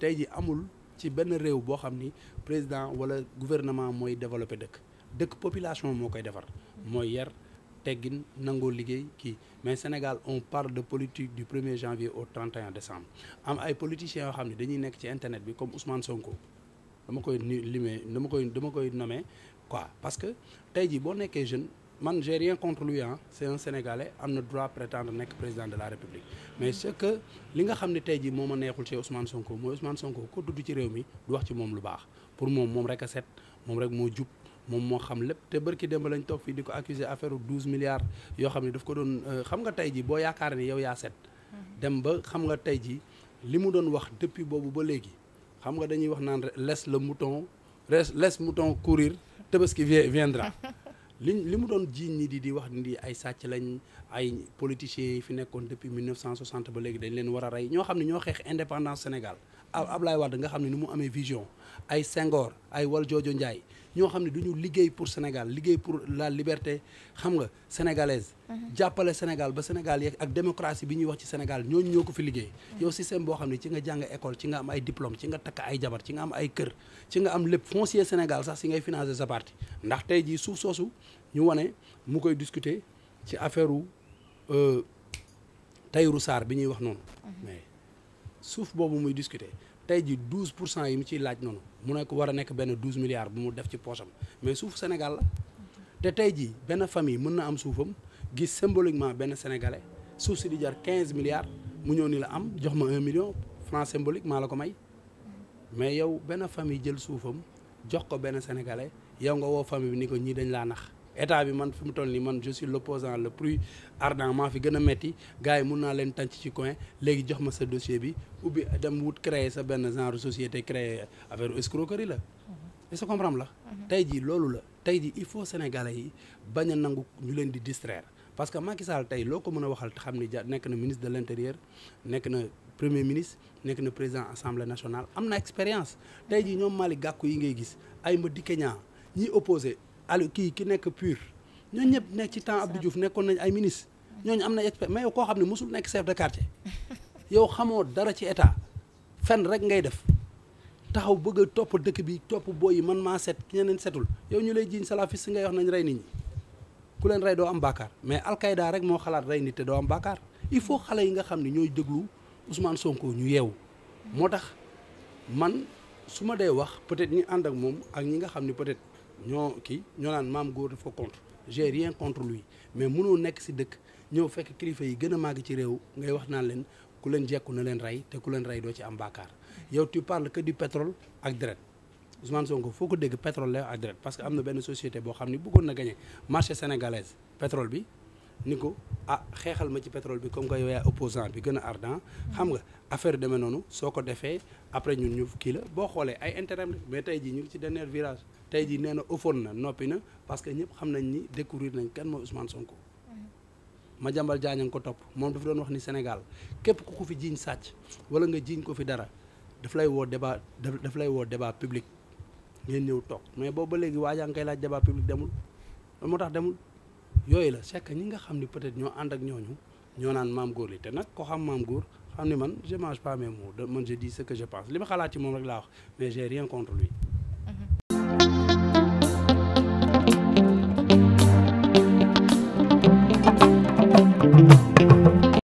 tey ji amul ci benn réew boo xam président wala gouvernement mooy développé dëkk dëkk population moo koy defar mooy yar teggin nangoo qui mais Sénégal on parle de politique du 1er janvier au 31 décembre am ay politiciens yoo dañuy nekk ci internet bi comme Ousmane Sonko dama koy limee dama koy dama koy nommer quoi parce que tey jii boo jeune man j'ai rien contre lui hein. c'est un sénégalais am droit prétendre être président de la république mais ce que li nga xam ne tey jii moo ci Ousmane Sonko Moi, Ousmane Sonko ko dudd ci réew le du wax ci moom lu baax pour moom moom rek a set moom rek moo jub moom moo xam lépp te bërki démb lañ toog fii di accuser affaire u 12 milliards yo xam ne daf ko doon euh, xam nga tey jii boo yaakaar yow yaa set mm-hmm. dem ba xam nga tey jii li wax depuis boobu ba léegi xam nga dañuy wax laisse le mouton laisse mouton courir Tabaski viendra li li mu doon jiiñ ni di di wax ni ay sàcc lañ ay politiciens yi fi nekkoon depuis 1960 ba léegi dañ leen war a rey ñoo xam ne ñoo xeex indépendance Sénégal Ablaye Wade nga xam ne ni mu amee vision ay Senghor ay Valdiodio Ndiaye ñoo xam ne du ñu liggéey pour Sénégal liggéey pour la liberté xam nga sénégalaise. Mhm. jàppale Sénégal ba Sénégal yeeg ak démocratie bi ñuy wax ci Sénégal ñooñu ñoo ko fi liggéey. Mhm. yow système boo xam ne ci nga jàng école ci nga am ay diplôme ci nga takk ay jabar ci nga am ay kër ci nga am lépp foncier Sénégal sax si ngay financer sa parti ndax tey jii suuf soosu ñu wane mu koy discuter ci affaire u euh, Tahirou bi ñuy wax noonu. Mhm. suuf boobu muy discuter tey ji douze pour cent yi mu ciy laaj noonu mu nekk war a nekk benn douze milliards bu mu def ci poosam mais suufu Sénégal la te tey ji benn famille mën na am suufam gis symboliquement benn sénégalais suuf si di jar quinze milliards mu ñëw ni la am jox ma un million franc symbolique maa la ko may mais yow benn famille jël suufam jox ko benn sénégalais yow nga woo famille bi ni ko ñii dañ laa nax état bi man fi mu toll ni man je suis l'opposant le plus ardent maa fi gëna metti gars yi na len leen ci coin léegi jox ma sa dossier bi ubi dem wut créer sa ben genre société créer affaire escroquerie la mhm. est-ce que comprendre la mhm. tay jii lolu la tay jii il faut sénégalais yi baña a nangu ñu len di distraire parce que Macky Sall tay loo ko mën waxal xamni nek na ministre de l'intérieur nek na premier ministre nek na président assemblée nationale amna expérience tay jii ñom Malick Gakou yi ngay gis ay ma dikke Kenya, ñi opposé alu kii ki nekk pur ñooñu ñëpp nek ci temps Abdou Diouf nekkoon nañ ay ministre ñooñu am na expert mais yow koo xam ne mosul chef de quartier yow xamoo dara ci état fen rek ngay def taxaw bëgg a topp bi yi man maa set ñeneen setul yow ñu lay jiiñ salafiste ngay wax nañ rey nit ñi ku leen rey doo am bàkkaar mais alkayda rek mo xalaat ray nit te doo am bàkkaar il faut xale yi nga xam ne ñooy Ousmane Sonko ñu man suma ma day wax peut-être ñi inga ak moom ak ñi nga peut-être ñoo kii ñoo naan maam góor dafa contre j'ai rien contre lui mais mënoo nekk si dëkk ñëw fekk kilifa yi gën a màgg ci réew ngay wax naan leen ku leen jekku na leen rey te ku leen rey doo ci am baakaar yow tu parles que du pétrole ak deret Ousmane Sonko foo ko dégg pétrole la ak deret parce que am na benn société boo xam ni bëggoon na gagné marché sénégalaise pétrole bi ni ko ah xeexal ma ci petrole bi comme que yow yaay opposant bi gën a ardent xam nga affaire demee noonu soo ko defee après ñun ñu kii la boo xoolee ay intérêt mais tey jii ñu ci dernier virage tey jii nee na na noppi na parce que ñëpp xam nañ ni découvrir nañ kan mooy Ousmane Sonko. Madiambal Diagne nga ko topp moom dafa doon wax ni Sénégal képp ku ko fi jiiñ sàcc wala nga jiiñ ko fi dara daf lay woo débat daf lay woo débat public ngeen ñëw toog mais boobu ba léegi waajaa nga laaj débat public demul demul. yooyu la c'est que ñi nga xam ni peut-être ñoo ànd ak ñooñu ñoo naan maam góor li te nag ko xam maam góor xam ni man je mange pas mes man je dis ce que je pense li ma xalaat ci moom rek laa wax mais j'ai rien contre